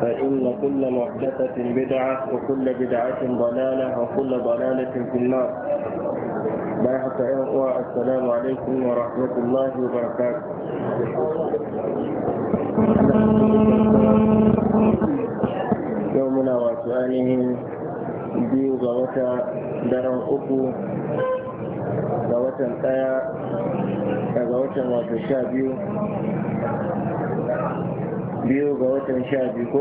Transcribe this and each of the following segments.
فإن كل محدثة بدعة وكل بدعة ضلالة وكل ضلالة في النار بارك السلام عليكم ورحمة الله وبركاته يومنا وسؤالهم بيو ga wata أبو uku ga watan ɗaya daga biyu ga watan sha biyu ko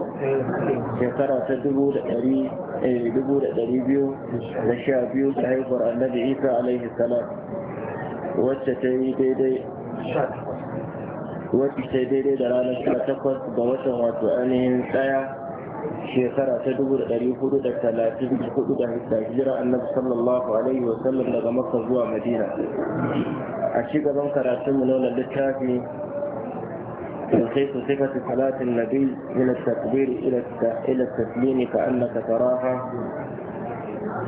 shekara ta dubu da ɗari eh, biyu da sha biyu da haihuwar annabi isa alaihi salam wacce ta yi daidai wacce ta yi daidai da ranar sha takwas ga watan wato ainihin tsaya shekara ta dubu da ɗari hudu da talatin da hudu da hijira annabi sallallahu alaihi wasallam daga makka zuwa madina a ci gaban karatunmu na littafi تلخيص صفة صلاة النبي من التكبير إلى إلى التسليم كأنك تراها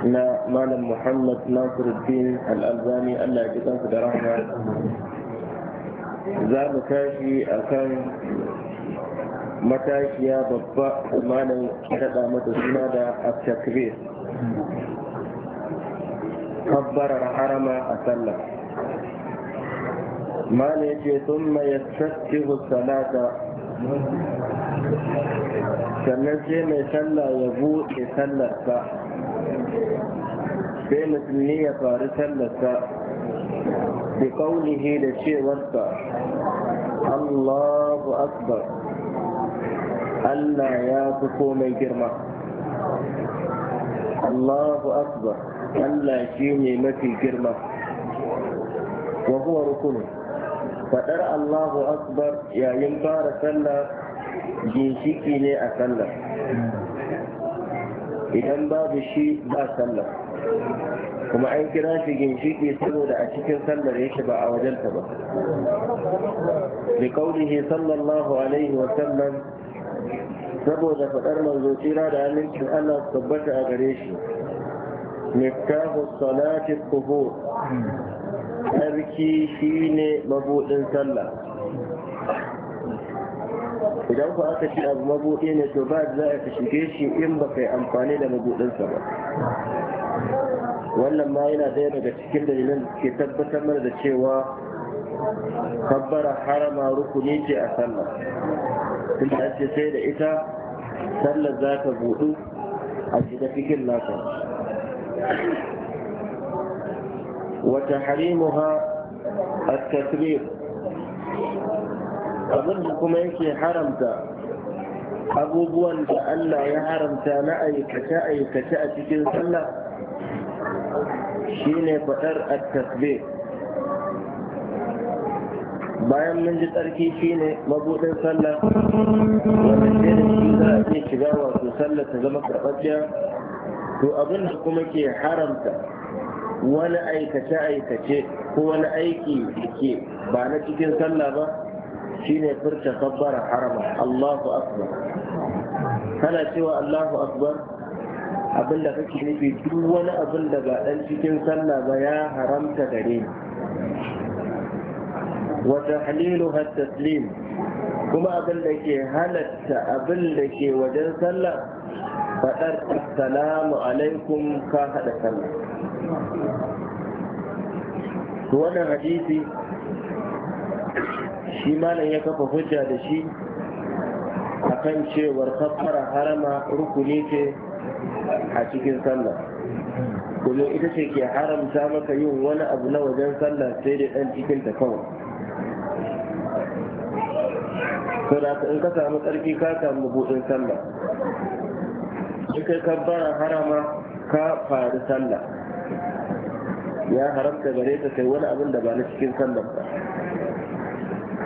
ما مال محمد ناصر الدين الألباني ألا يجدها في دراها زاد كاشي أكان مكاشي يا بابا مال كذا كتب مدسمادا التكبير كبر الحرم أسلم من ثم يستسقه الصلاة سنجي ما يسلى يبو يسلى الساء بين الدنيا فارسل الساء بقوله لشيء وسطى الله أكبر ألا يا تقوم الجرمى الله أكبر ألا يشيني ما في وهو ركنه fadar Allahu akbar yayin fara sallah ginshiki ne a sallah idan babu shi ba sallah kuma an kira shi ginshiki saboda a cikin sallar yake ba a wajenta ba liƙaunihi sallallahu alaihi wa sallam saboda faɗar manzo tsira da amincin Allah tabbata a gare shi miftahu salati qubur tsarki ne mabuɗin sallah idan ku aka ci abu mabuɗi ne to ba za a shige shi in ba kai amfani da mabuɗinsa ba wannan ma yana ɗaya daga cikin dalilan da ke tabbatar mana da cewa kabbara harama rukuni ce a sallah tun da ce sai da ita sallar za ta buɗu a shiga fikin naka وتحريمها التكبير abin da kuma yake haramta abubuwan da Allah ya haramta na aikace-aikace a cikin sallah shine faɗar bayan mun ji tsarki shine mabuɗin sallah wanda sai da shi za a iya shiga wato sallah ta zama karɓaɓɓiya to abin da kuma ke haramta wani aikace-aikace ko wani aiki ke ba na cikin sallah ba shine furta kabbara harama Allahu akbar kana cewa Allahu akbar abin da kake nufi duk wani abin da ba dan cikin sallah ba ya haramta gare ni wa tahliluha taslim kuma abin da ke halatta abin da ke wajen sallah faɗar assalamu alaikum ka haɗa sallah to wannan hadisi shi malam ya kafa hujja da shi a kan cewar kafara harama rukuni ce a cikin sallah kuma ita ce ke haramta maka yin wani abu na wajen sallah sai dai ɗan cikin ta kawai da in ka samu tsarki ka samu buɗin sallah in kai kabbara harama ka faru sallah ya haramta gare ta kai wani abin da ba na cikin sallar ba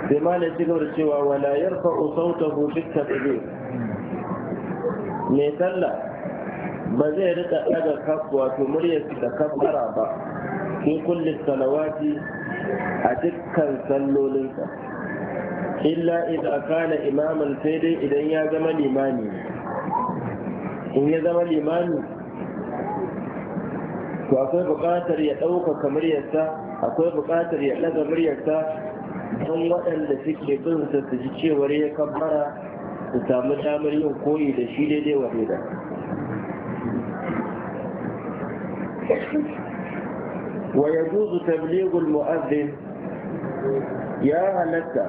sai malam ci gaba da cewa wala sauta sautahu fi tasbih mai sallah ba zai rika daga kaf wato muryar da kafara ba ko kullu salawati a dukkan sallolinsa illa idza kana imaman sai dai idan ya zama limami in ya zama limami to akwai buƙatar ya ɗaukaka muryarsa akwai buƙatar ya ɗaga muryarsa don waɗanda suke bin sa su ji cewar ya kammara su samu damar yin koyi da shi daidai wa daidai ويجوز تبليغ المؤذن ya halatta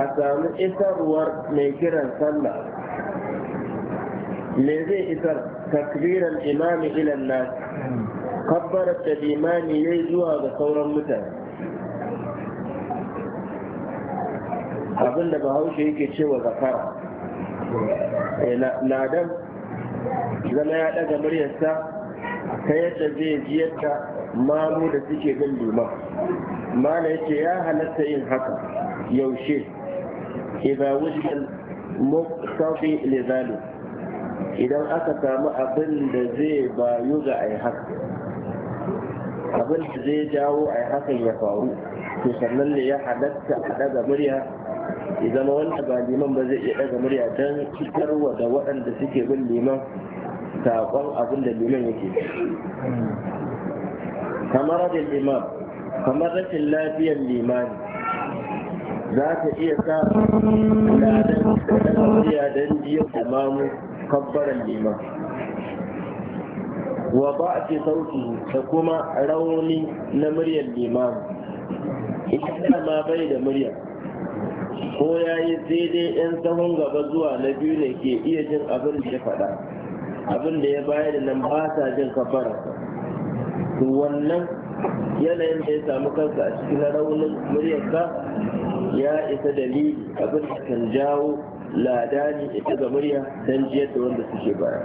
a sami isarwar mai kiran sallah me zai isar تكبير الإمام إلى الناس كبر الإمام يجوا بصورة مثل أظن بهو شيء كتشي وذكر نادم إيه، زما يا أدى مريسا سيدة زي جيتا مامو لسيكي بن بما ما ليكي يا هل سيين حقا يوشي إذا وجد المقصد لذلك idan aka samu abin da zai bayu ga ai haka abin da zai jawo ai hakan ya faru to sannan ne ya halatta a daga murya idan wanda ba liman ba zai iya daga murya don fitarwa da waɗanda suke bin liman saƙon abin da liman yake kamar da liman kamar rashin lafiyar limani za ta iya sa ladan da lafiya don biyan imamu kabbaran liman wa ba ce sauti da kuma rauni na muryar liman ita ma bai da murya ko ya yi daidai yan sahun gaba zuwa na biyu ne ke iya jin abin da ya faɗa abin da ya bayar da nan ba sa jin kafara to wannan yanayin da ya samu kansa a cikin raunin muryar ka ya isa dalili abin da kan jawo ladani ita ga murya don jiyar da wanda suke baya.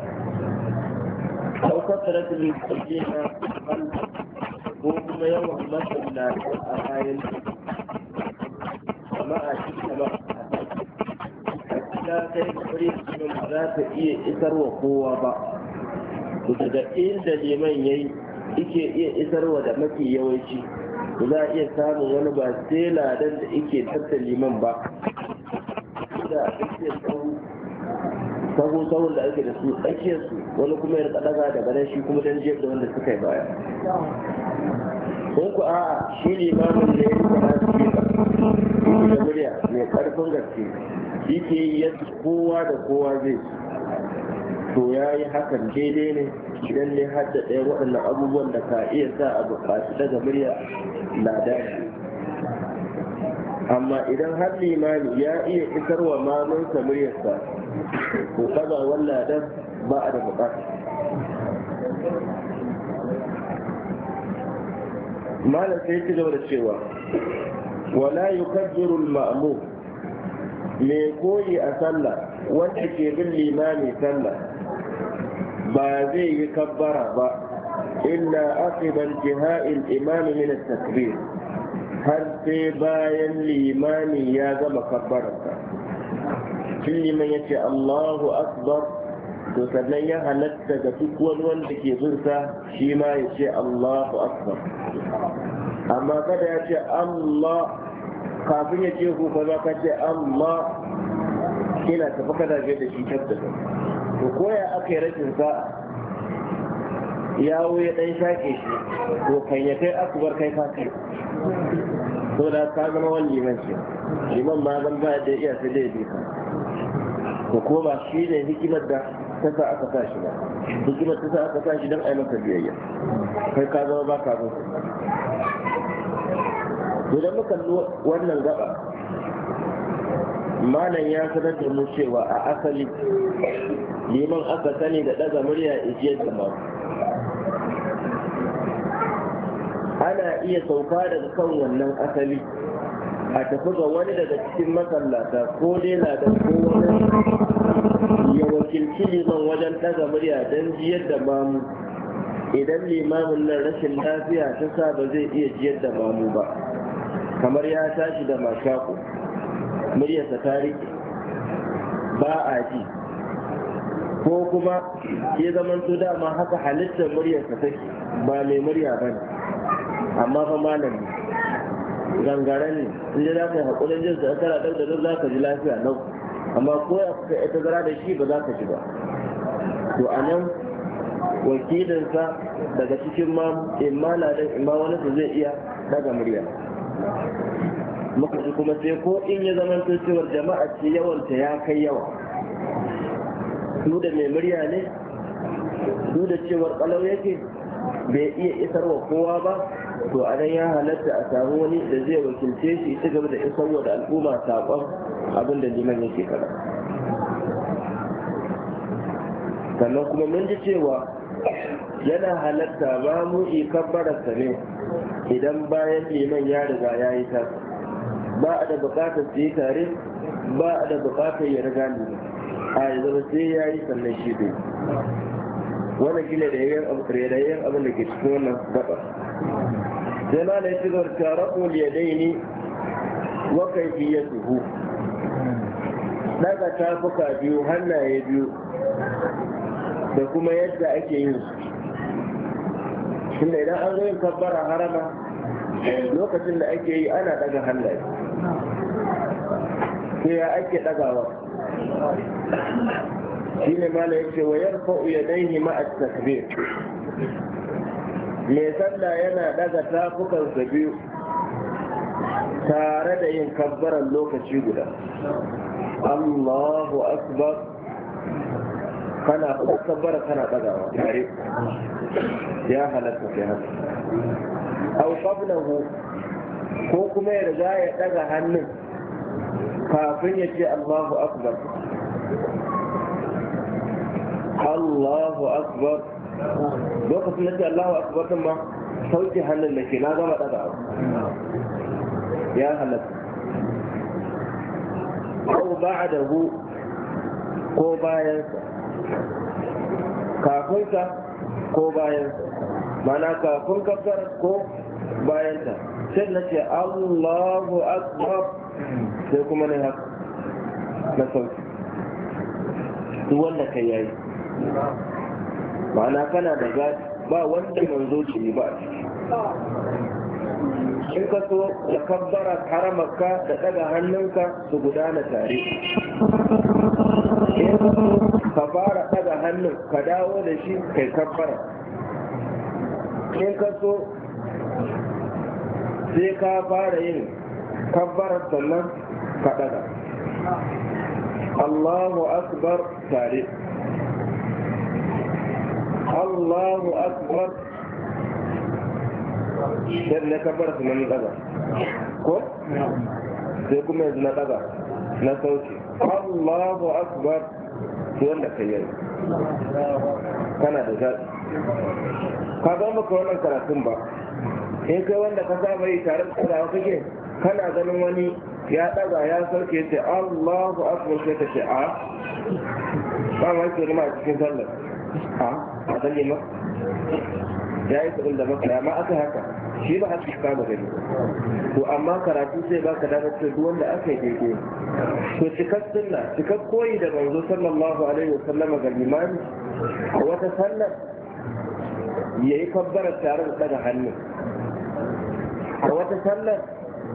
Saukar tare da mai kwaje ko kuma yawan masu na a kayan amma a shi ba, a cikin kai da kwari da za ta iya isarwa kowa ba. Kusa da inda neman yayi ike iya isarwa da mafi yawanci. za a iya samun wani ba sai ladan da yake tattar liman ba da ake sahu sahun da ake da su ake su wani kuma ya daga da nan shi kuma dan jefa wanda suka yi baya ko a'a shi limamin da ya yi da murya mai karfin gaske yake yi yadda kowa da kowa zai to ya yi hakan daidai ne Idan ne har da ɗaya waɗannan abubuwan da ka iya sa a buƙaci daga murya na dashi amma idan har limani ya iya isar wa mamansa muryarsa ko kaza walladan ba a da buƙata malam sai ci gaba da cewa wala yukaddiru al-ma'mum me koyi a sallah wanda ke bin limami sallah ba zai yi kabbara ba illa aqiba jiha'il imam min at-takbir har sai bayan limami ya gama kabbararsa shin liman yace Allahu akbar to sannan ya halatta ga duk wani wanda ke bin shi ma ya ce Allahu akbar amma kada ya ce Allah kafin ya ce ku fa za ka ce Allah kina tafi kada da shi tabbata to koya aka yi rashin sa yawo ya dan shaƙe shi to kan ya kai bar kai ka kai to da ka zama wani liman ce liman ma zan ba da iya sai dai bisa to ko ba shi ne hikimar da ta sa aka sa shi ba hikimar ta sa aka sa shi don a yi masa biyayya kai ka zama ba ka zo to da muka wannan gaba malam ya sanar da mu cewa a asali liman aka sani da ɗaga murya ijiyar jama'a ana iya sauka daga kan wannan asali a tafi ga wani daga cikin masallata ko dai na ko wani ya wakilci liman wajen ɗaga murya don jiyar da mamu idan limamin nan rashin lafiya ta sa ba zai iya jiyar da mamu ba kamar ya tashi da mashaku muryarsa ta rike ba a ji ko kuma ya su dama haka halittar muryarsa take ba mai murya ba ne amma fa malami gangaren ne in ji za ka yi haƙurin jin sa kana ɗan da nan za ka ji lafiya nan, amma ko ya kuka yi zara da shi ba za ka ji ba to a nan wakilinsa daga cikin ma imala da imma wani su zai iya daga murya muka ji kuma sai ko in ya zamanto cewar jama'a ce yawanta ya kai yawa Duda mai murya ne Duda cewar kalau yake bai iya isarwa kowa ba to a ya halatta a samu wani da zai wakilce shi ta gaba da isarwa da al'umma saƙon abin da liman yake faɗa sannan kuma mun ji cewa yana halatta ba mu kabbararsa ne idan bayan liman ya riga ya yi ta ba a da bukatar su yi tare ba a da bukatar ya riga liman a zama sai ya yi sannan shi dai Wani gina da yayin abin da ke cikin wannan gaba sai ma da ya ci gaba tarakul ya daini wa kaifiyatuhu daga tafuka biyu hannaye biyu da kuma yadda ake yin su tunda idan an zo yin kabbara harama lokacin da ake yi ana daga hannaye sai ya ake dagawa shi ne ma na yace fa'u ya yadayhi ma at-takbir me sallah yana daga tafukansa biyu tare da yin kabbaran lokaci guda Allahu akbar kana kabbara kana dagawa tare ya halatta sai haka au qablahu ko kuma ya riga ya daga hannun kafin ya ce Allahu akbar Allahu akbar lokacin da ce Allahu akbar din ma sauke hannun da ke na gama daga abu ya halatta a ba'dahu ko bayansa kafinka ko bayansa mana kafin kafar ko bayanta sai na ce Allahu akbar sai kuma ne haka na sauki duk wanda kai yayi ma'ana kana da gadi ba wanda manzo ce ba in ka so da kabbara haramarka da daga hannunka su gudana tare in ka so ka fara daga hannun ka dawo da shi kai kabbara in ka so sai ka fara yin kabbarar sannan ka daga Allahu akbar tare Allahu akbar sai ne ka su nan daga ko sai kuma yanzu na daga na sauki Allahu akbar sai wanda kai yayi kana da zaɓi ka ga maka wannan karatun ba in kai wanda ka saba yi tare da kulawa kake kana ganin wani ya daga ya sauke ce Allahu akbar sai ka ce a ah. ba ma ke rima a cikin sallar a ah. a balle ma ya yi kuɗin da maka ma aka haka shi ba aka kama gani to amma karatu sai ba ka damar cewa wanda aka yi daidai to cikar sunna cikar koyi da manzo sallallahu alaihi wa sallama ga limami a wata sallar ya yi kabbarar tare da daga hannun a wata sallar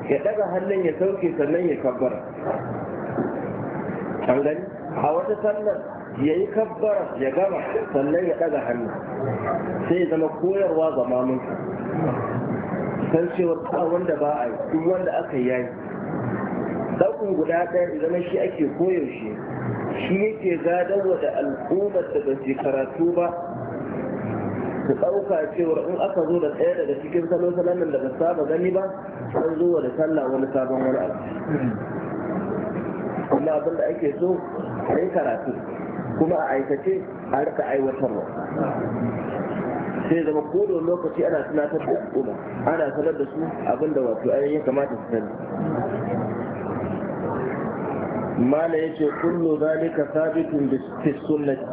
ya daga hannun ya sauke sannan ya kabbara an gani a wata sallar ya yi kabbara ya gama sannan ya ɗaga hannu sai ya zama koyarwa ga mamun san cewa ba wanda ba a yi duk wanda aka yi yayi ɗaukun guda ɗaya zama shi ake koyaushe shi yake gadarwa da al'ummar da ba su karatu ba su ɗauka cewa in aka zo da ɗaya daga cikin salon salon da ba saba gani ba an zo wa da sallah wani sabon wani abu kuma abin da ake so a yi karatu kuma a aikace a rika aiwatarwa sai zama kodon lokaci ana tunatar da kuma ana sanar da su abinda wato ayin ya kamata su sani mala ya ce kullu zalika sabitun fi sunnati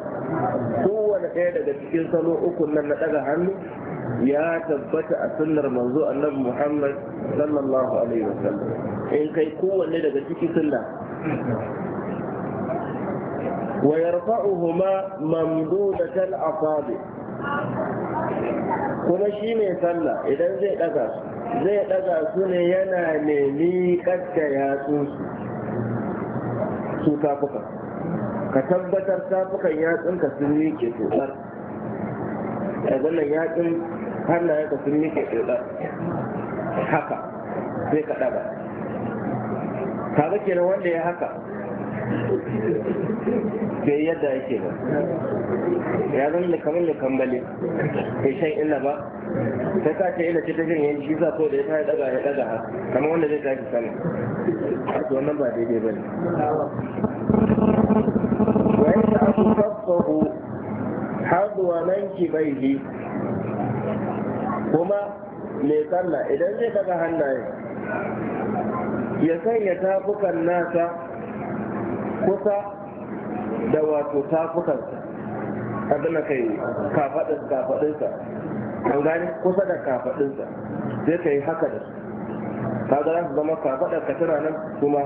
kowane ɗaya daga cikin salo uku nan na ɗaga hannu ya tabbata a sunnar manzo annabi muhammad sallallahu alaihi wasallam in kai kowanne daga ciki sunna ويرفعهما ممدودة الأصابع kuma shi ne sallah idan zai ɗaga su zai ɗaga su ne yana nemi ƙadda yatsu su tafukan ka tabbatar tafukan yatsun ka sun miƙe tsotsar yanzu nan yatsun hannayen ka sun miƙe tsotsar haka sai ka ɗaga kaga kenan wanda ya haka bai yadda ake ba ya da kamar da kambali bai shan illa ba sai ka ce illa ce ta jin yanki za ko da ya tare daga ya daga kamar wanda zai tashi sama to wannan ba daidai ba ne wa yadda an fasahu haduwa nan ki bai yi kuma mai sallah idan zai daga hannaye ya sanya tafukan nasa kusa da wato tafukansa abin da kai kafaɗin kafaɗinsa an gani kusa da kafaɗinsa sai ka yi haka da su ka ga za su zama kafaɗar ka tana nan kuma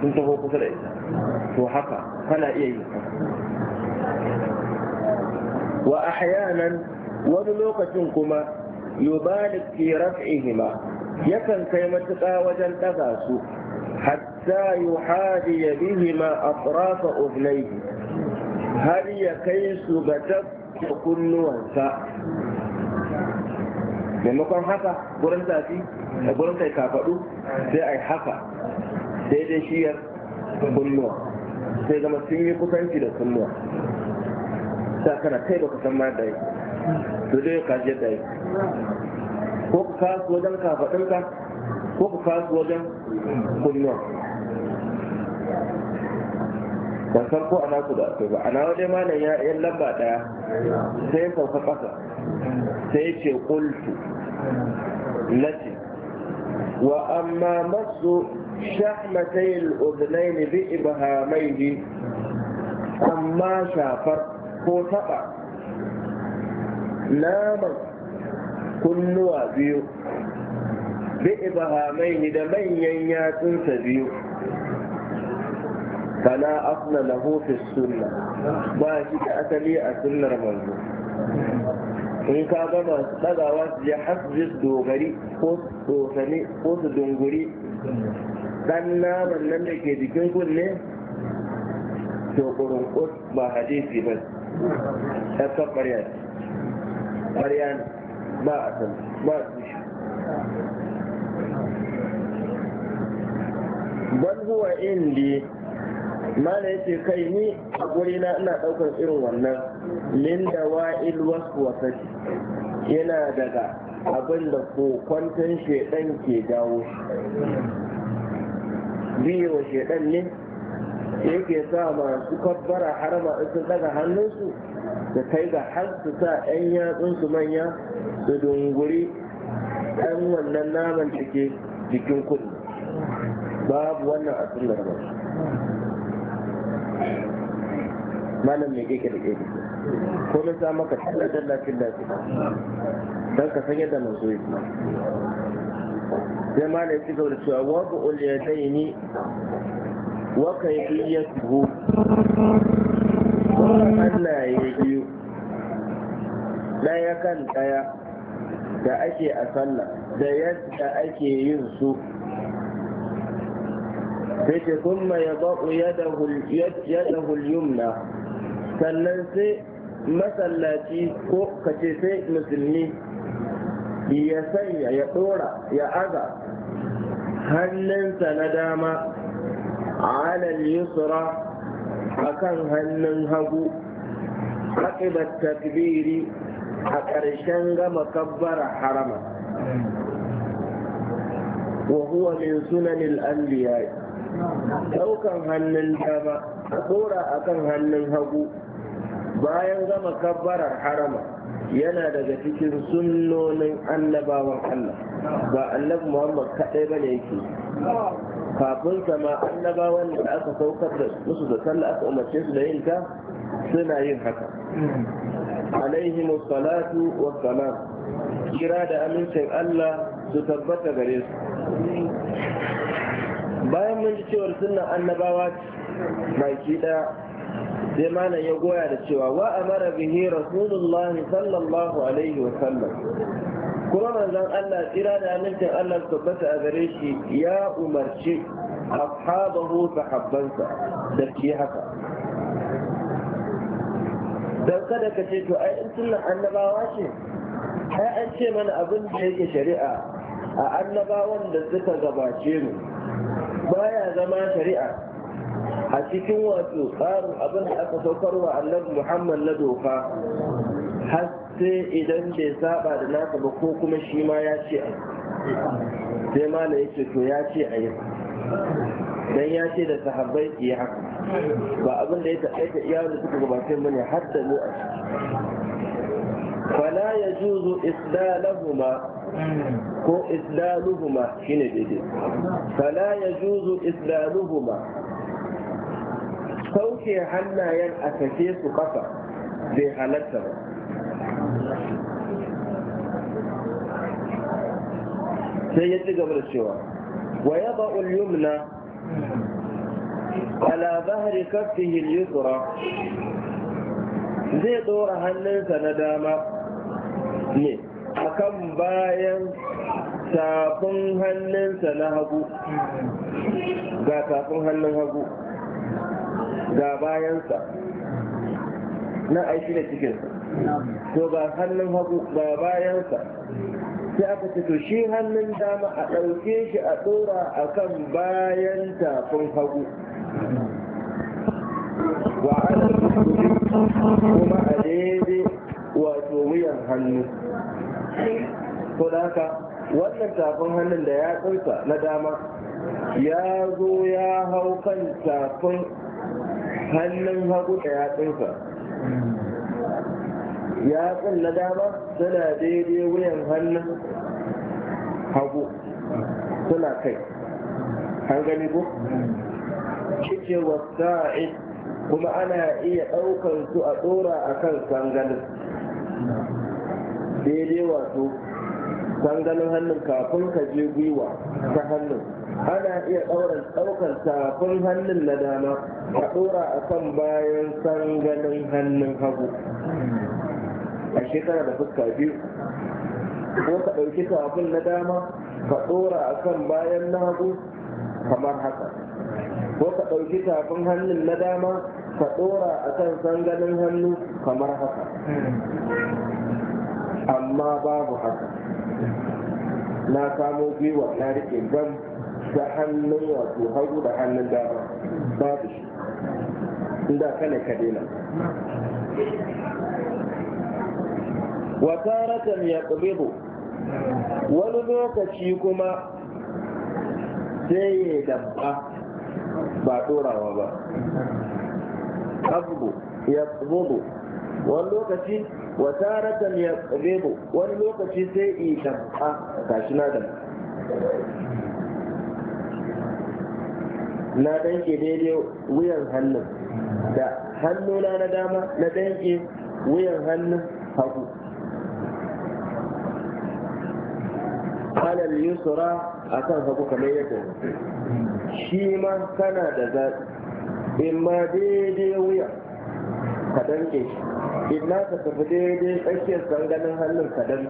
sun taho kusa da ita to haka kana iya yi wa ahyanan wani lokacin kuma yubalik fi raf'ihima yakan kai matuƙa wajen ɗaga su حتى يحادي بهما أطراف أذنيه هل يكيس بتب kunnuwansa maimakon haka gurin tafi da gurin kai kafaɗu sai a yi haka sai daidai shiyar kunnuwa sai zama sun yi kusanci da kunnuwa ta kana kai baka san ma da yi to dai ka je da yi ko ka kasu wajen kafaɗinka ko ka kasu wajen kunnuwa da san ko ana ku da akwai ba ana wajen malam ya yan lamba daya sai ya sauka kasa sai ce qultu lati wa amma masu shahmatai al-udnayn bi ibhamaihi amma shafar ko taba naman kunnuwa biyu bi ibhamaihi da manyan yatsunsa biyu fala asla lahu fi sunna ba shi da asali a sunnar manzo in ka ga masu ɗagawa su je hasbis dogari ko tsokane ko su dunguri dan naman nan da ke jikin kunne to kurunkus ba hadisi ba ya ka ƙarya ƙarya ba a san ba su shi bal huwa indi mana yace kai ni a gurina ina daukar irin wannan min da wa'il waswasati yana daga abin da kokwanton shedan ke dawo biyo shedan ne yake sa masu kwabbara har ma sun daga hannunsu da kai ga har su sa 'yan yatsunsu manya su dunguri ɗan wannan naman cike jikin kudu babu wannan a sunnar malam mai keke da keke ko na sa maka talla talla lafiya. don ka san yadda manzo yake sai malam ya ci gaba da cewa wabu ul yadaini wa kaifiyatuhu Allah ya biyu ɗaya kan ɗaya da ake a sallah da yadda ake yin su بيجي ثم يضع يده اليد يده اليمنى سنن سي مثل لا تي كو كتي سي مسلمي يسن يا يطورا يا أغا هنن سندام على اليسرى أكن هنن هبو عقب التكبير أكرشن غم كبر حرما وهو من سنن الأنبياء ɗaukan hannun dama tura a kan hannun hagu bayan gama kabbarar harama yana daga cikin sunnonin annabawan Allah ba annabi Muhammad kaɗai ba ne yake kafin sama annabawan da aka saukar da musu da sallah aka umarce su da yin ta suna yin haka alaihi musallatu wa kira da amincin Allah su tabbata gare su cewar sunnan annabawa baki daya sai malam ya goya da cewa wa amara bihi rasulullahi sallallahu alaihi wa sallam kuma manzon Allah tsira da amincin Allah tabbata a gare shi ya umarci ashabahu sahabbansa da ke haka dan kada ka ce to ai in annabawa ce ai an ce mana abin da yake shari'a a annabawan da suka gabace mu baya zama shari'a a cikin wato tsarin abin da aka saukarwa annabi muhammad na doka har sai idan bai saba da naka ba ko kuma shi ma ya ce a sai ma na yake to ya ce a yi dan ya ce da sahabbai ki haka ba abin da ya taɓaita iyalin da suka gabatar ne har da mu a ciki fala yajuzu isdalahuma ko islaluhuma shine daidai fala yajuzu islaluhuma sauke hannayen a sake su kasa bai halatta ba sai ya ci gaba da cewa wa yaba yumna ala zahari kaffihi al-yusra zai dora hannunsa na dama ne akan bayan tafin hannunsa na hagu ga tafin hannun hagu ga bayansa na aiki da cikinsa to ga hannun hagu ga bayansa sai aka ce to shi hannun dama a ɗauke shi a ɗora a kan bayan tafin hagu wa ana kuma a daidai wato wuyan hannu ko da haka wannan tafin hannun da ya ɗauka na dama ya zo ya hau kan tafin hannun hagu da ya ɗauka ya na dama suna daidai wuyan hannun hagu suna kai an gani ko? cike wasa'id kuma ana iya ɗaukar su a ɗora a kan sangalin daidai wato sangalin hannun kafin ka je gwiwa ta hannun ana iya ɗauran ɗaukar tafin hannun na dama a ɗora a kan bayan sanganin hannun hagu a shekara da fuska biyu ko ka ɗauki tafin na dama ka ɗora a kan bayan na hagu kamar haka ko ka ɗauki tafin hannun na dama ka ɗora a kan sanganin hannu kamar haka amma babu haka na samo gwiwa na rike gan da hannun wato hagu da hannun dama babu shi inda kana ka Wa wataratan ya ƙubibu wani lokaci kuma sai ya dabba ba dorawa ba abubu ya ƙubibu wani lokaci wa taratan ya Rebo wani lokaci sai i ga shi na da na danke daidai wuyan hannun da hannuna na dama na danke wuyan hannun hagu alal yusra akan hagu kamar yadda shi ma kana da zaɓi in ma daidai wuya ka danke shi inna ka tafi daidai tsakiyar tsanganin hannun kadan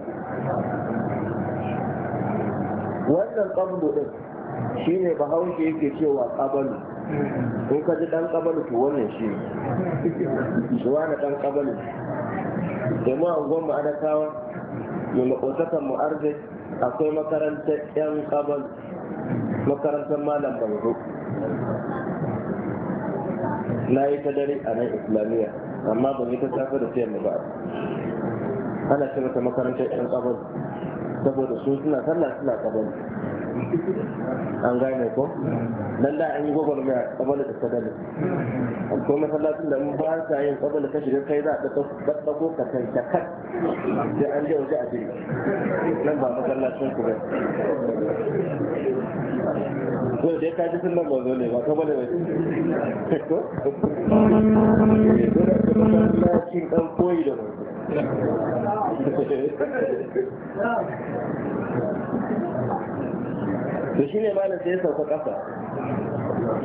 wannan ƙablu ɗin shi ne bahaushe yake cewa ƙabalu in ka ji ɗan ƙabalu to wannan shi ne suwa na ɗan ƙabalu domin a gwamma ana kawo mu makotakan mu arzai akwai makarantar ƴan ƙabalu makarantar malam banzo na yi ta dare a nan islamiyya amma ban yi ta safe da sayan ba ana ce mata makarantar yan kabari saboda su suna sallah suna kabari an gane ko dan da an yi gwagwarmaya kabala da sadali an kuma masallacin da mun ba ta yin kabala ka shiga kai za a ko ka kai ta kat da an je waje a jiri nan ba masallacin ku ba to dai ka ji sunan mazo ne ba kabala ba ce ko masallacin ɗan koyi da mazo to shi ne malam sai ya sauka ƙasa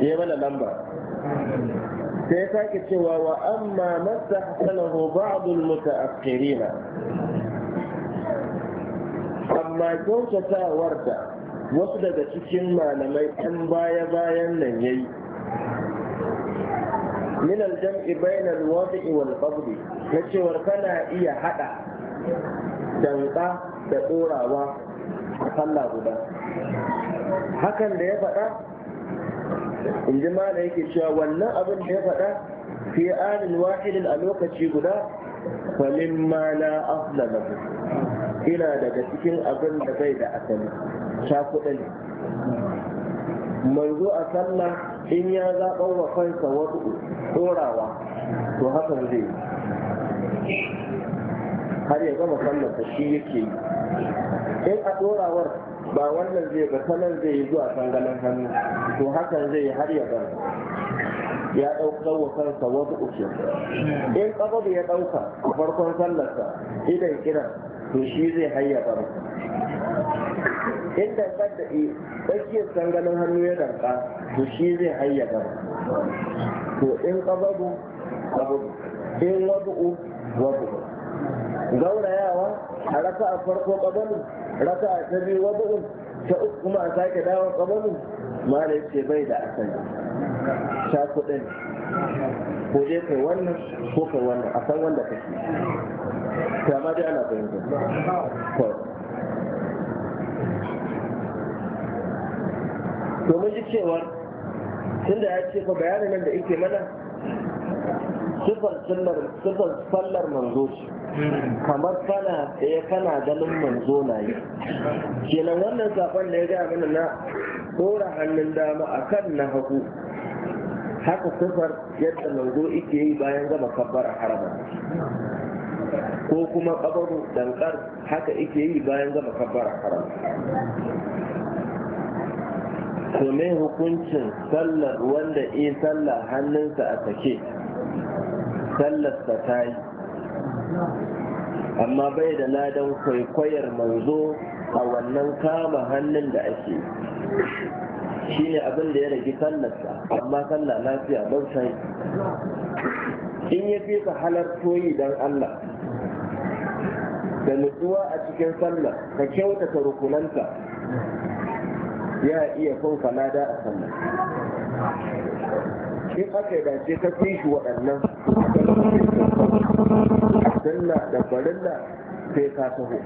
ya mana lamba sai ya sake cewa wa amma masa hasalahu ba'dul muta'akhirina amma kyautatawar da wasu daga cikin malamai ɗan baya-bayan nan yayi min aljam'i bainal wadi'i wal qabdi na cewar kana iya hada danka da ɗorawa sallah guda hakan da ya faɗa in ji da yake cewa wannan abin da ya faɗa fi anin wahidin a lokaci guda falin ma na afla na ina daga cikin abin da bai da asali shafuɗa ne manzo a sallah in ya zaɓar wa kansa wasu ɗorawa to hakan zai yi har ya gama sallarsa shi yake yi in a dorawar ba wannan zai ga sanar zai yi zuwa sangalan hannu to hakan zai har ya bar ya ɗaukar wa kansa wasu uku in ƙafafu ya ɗauka a farkon sallarsa idan kiran to shi zai hayya bar in dankar da tsakiyar sangalan hannu ya danka to shi zai hayya bar to in ƙafafu, ƙababu in wadu'u wadu'u gaurayawa a raka a farko kabalin raka a ta biyu wadu'un ta uku kuma a sake dawo kabalin mala ce bai da asali sha kuɗin ko je kai wannan ko kai wannan a san wanda kake ta ma dai ana fahimta to mun ji tun tunda ya ce fa bayanin nan da yake mana sifar sallar manzo shi kamar kana tsaye kana ganin manzo na yi kenan wannan safon da ya gaya mana na dora hannun dama a kan na hagu haka sifar yadda manzo ike yi bayan gama kabbar harama ko kuma kabaru dankar haka ike yi bayan gama kabbar harama to me hukuncin sallar wanda iya sallar hannunsa a sake sallarsa ta yi amma bai da ladan kwaikwayar manzo a wannan kama hannun da ake shi ne abin da ya rage sallarsa amma sallar lafiya don sai in ya fi ka halartoyi don Allah da nutsuwa a cikin sallar ka kyautata rukunanta ya iya kun a sallar. in aka dace ta fi shi waɗannan a sunna da farilla sai ka taho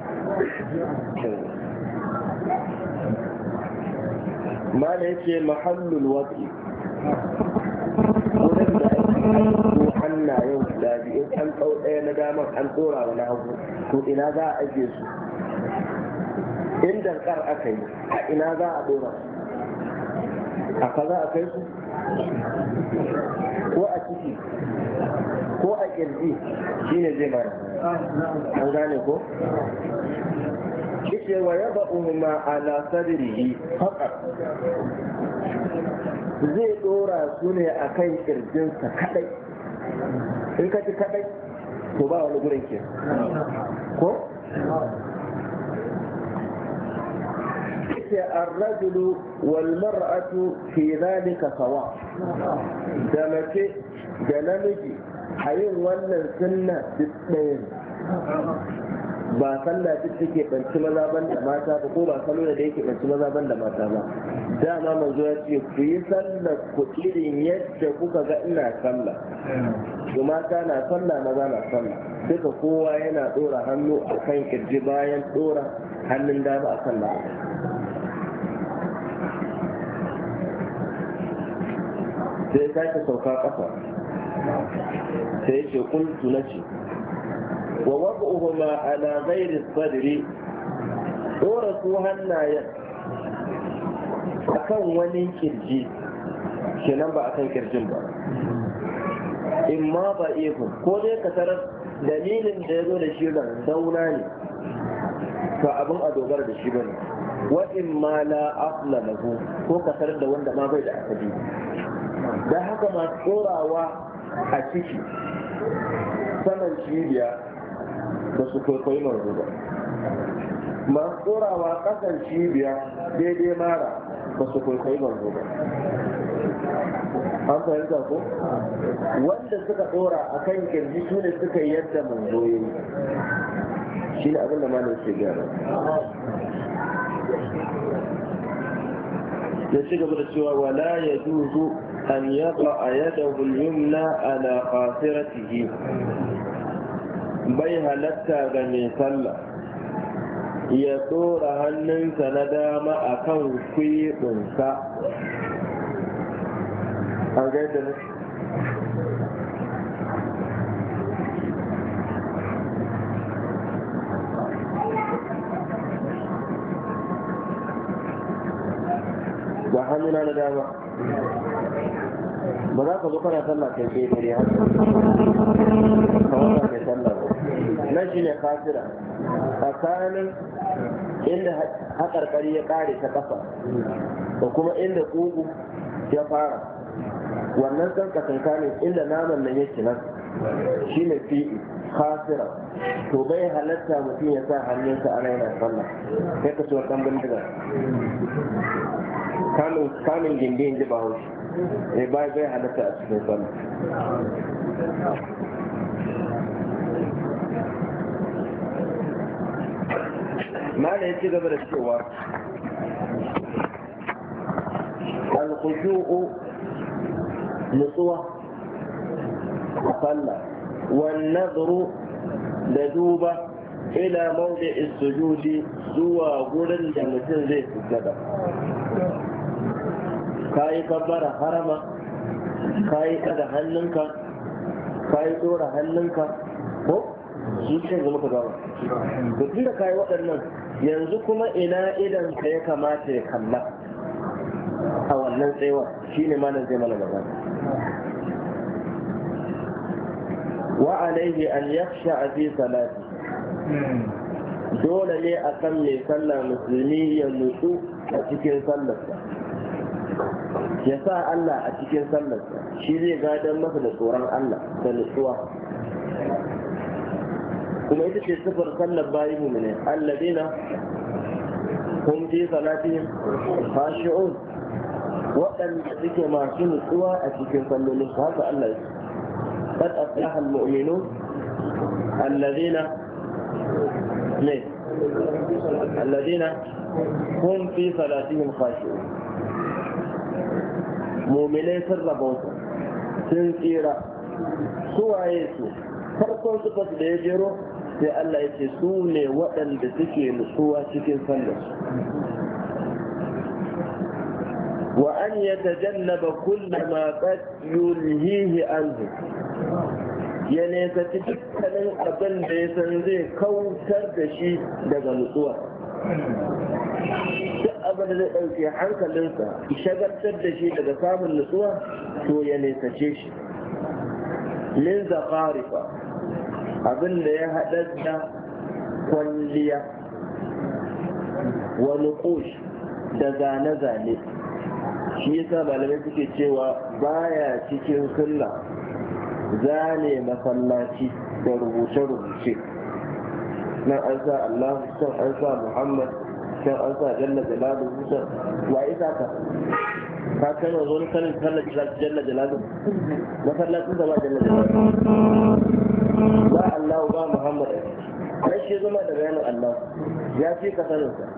mana yake mahallul wadi wurin da ake hannayen guda biyu in an ɗau ɗaya na damar an tsora wani hagu to ina za a ajiye su in dankar aka yi a ina za a ɗora a ka za a kai su ko a ciki ko a kirji ne zai mara an gane ko yake wa yaba umma ala sadrihi faqat zai dora su ne akan ƙirjinsa kadai in ka ci kadai to ba wani gurin ke ko yace ar-rajulu wal mar'atu fi dhalika sawa da mace da namiji a yin wannan sunna duk ɗaya ba sallah duk take banci maza ban da mata ba ko ba salo da yake banci maza ban da mata ba dama manzo ya ce ku yi sallah ku irin yadda kuka ga ina sallah su mata na sallah maza na sallah duka kowa yana dora hannu a kan kirji bayan dora hannun dama a sallah sai sake sauka kafa, sai ce kultu na ce wa wabu'uhuma ala ghairi sadri dora su hannayen akan wani kirji kenan ba akan kirjin ba in ma ba ihu ko dai ka tarar dalilin da ya zo da shi da dauna ne ba abin a dogara da shi ne wa in ma la asla lahu ko ka tarar da wanda ma bai da asali da haka masu tsorawa a ciki sanan cibiya ba su kwaikwayi manzo ba masu tsorawa kasan cibiya daidai mara ba su kwaikwayi manzo ba an fahimta ko wanda suka tsora a kan kirji su ne suka yadda manzo ya yi shi ne abin da ne suke gyara ya ci gaba da cewa wala ya juzu أن يضع يده اليمنى على خاصرته بيها لتا غني صلى يدور هننس سندام أكو في أنسى أجد وحملنا ندامه ba za ka zo kana sallah kai sai dare ka kawai kai sallah ba nan shine fasira tsakanin inda haƙarƙari ya ƙare ta ƙasa da kuma inda ƙugu ya fara wannan tsankatanka ne inda naman nan yake nan shi ne fi kafira to bai halatta mutum ya sa hannunsa ana yana sallah sai ka ciwon ɗan bindiga kamin gindin ji ba haushi ايه باي باي على تأسف ما لي كده من الشوار الخشوع لصوة وقلة والنظر لدوبة إلى موضع السجود سوى قولا لمثل ذي السجد ka yi kabbara harama ka yi kada hannunka ka yi tsora hannunka ko shi ce zama ka gaba to tun da ka yi waɗannan yanzu kuma ina idan ka ya kamata ya kalla a wannan tsayuwa, shi ne malam zai mana gaba wa alaihi an yakhsha fi salati dole ne akan mai sallah musulmi ya nutsu a cikin sallarsa ya sa Allah a cikin sallar shi zai gadon masa da tsoron Allah da nutsuwa kuma ita ce sifar sallar bayi mumine alladina hum fi salatihim khashi'un waɗanda suke masu nutsuwa a cikin sallolin su haka Allah ya قد أفلح المؤمنون الذين الذين هم في صلاتهم خاشعون Mominai sun rabauta sun tsira suwaye su farkon su da ya jero sai Allah ya ce su ne waɗanda suke nutsuwa cikin sallar wa an ya tajannaba kulla ma qad yulhihi zu ya nesa cikin dukkanin abin da ya san zai kautar da shi daga nutsuwa duk abin da zai ɗauke hankalinsa shagartar da shi daga samun nutsuwa to ya nesace shi min zakarifa abin da ya haɗar da kwalliya Wani nukush da zane-zane shi yasa malamai suke cewa baya cikin sunna zane masallaci da rubuce-rubuce nan an sa Allah can an sa Muhammad can an sa jalla Jalalu can wa isa ka ka kai wa wani sanin sallar jalla jalaluhu masallacin da ba jalla Jalalu ba Allah ba Muhammad kai shi zama da bayanin Allah ya fi ka sanin sa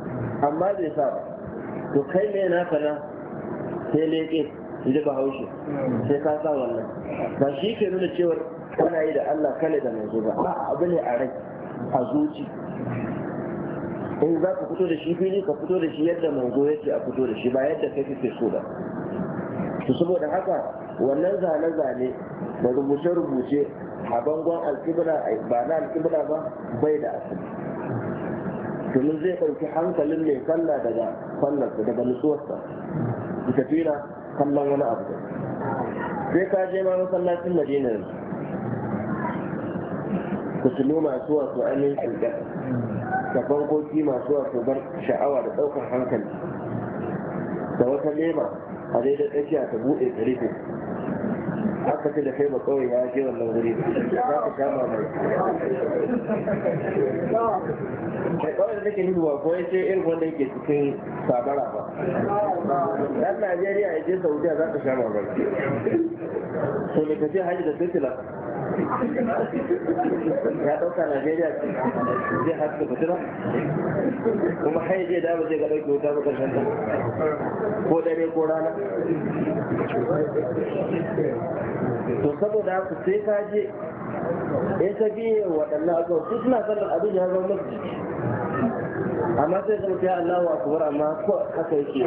amma bai sa ba to kai me na na sai leƙe in ji bahaushe sai ka sa wannan ba shi ke nuna cewar kana yi da Allah kale da mai ba abu ne a rai a zuci in za ka fito da shi fili ka fito da shi yadda mango yake a fito da shi ba yadda kai kake so ba to saboda haka wannan zane-zane da rubuce-rubuce a bangon alkibla ba na alkibla ba bai da asali domin zai ɗauki hankalin mai sallah daga sallarsa daga nutsuwarsa tafi na kallon wani abu Sai ka je ma masallacin madina yanzu kusurmi masu wato ainihin cutar da bankoki masu wato bar sha'awa da ɗaukar hankali da wata nema, a daidai tsakiya ta buɗe ta rufe aka ce da kai ba kawai ya je wannan wuri za ka kama mai kai kawai da take nufi ba ko ya ce irin wanda yake cikin sabara ba dan najeriya ya je saudiya za ka sha mamaki So ne ka ce hajji da sitila ya ɗauka najeriya ce zai haska fitina kuma hai zai dawo zai ga ɗauki wuta ba ƙarshen ta ko dare ko rana to saboda haka sai ka je in ka biye waɗannan abubuwa su suna sallar abin ya zama mafi amma sai zama ta wa akbar amma ko haka yake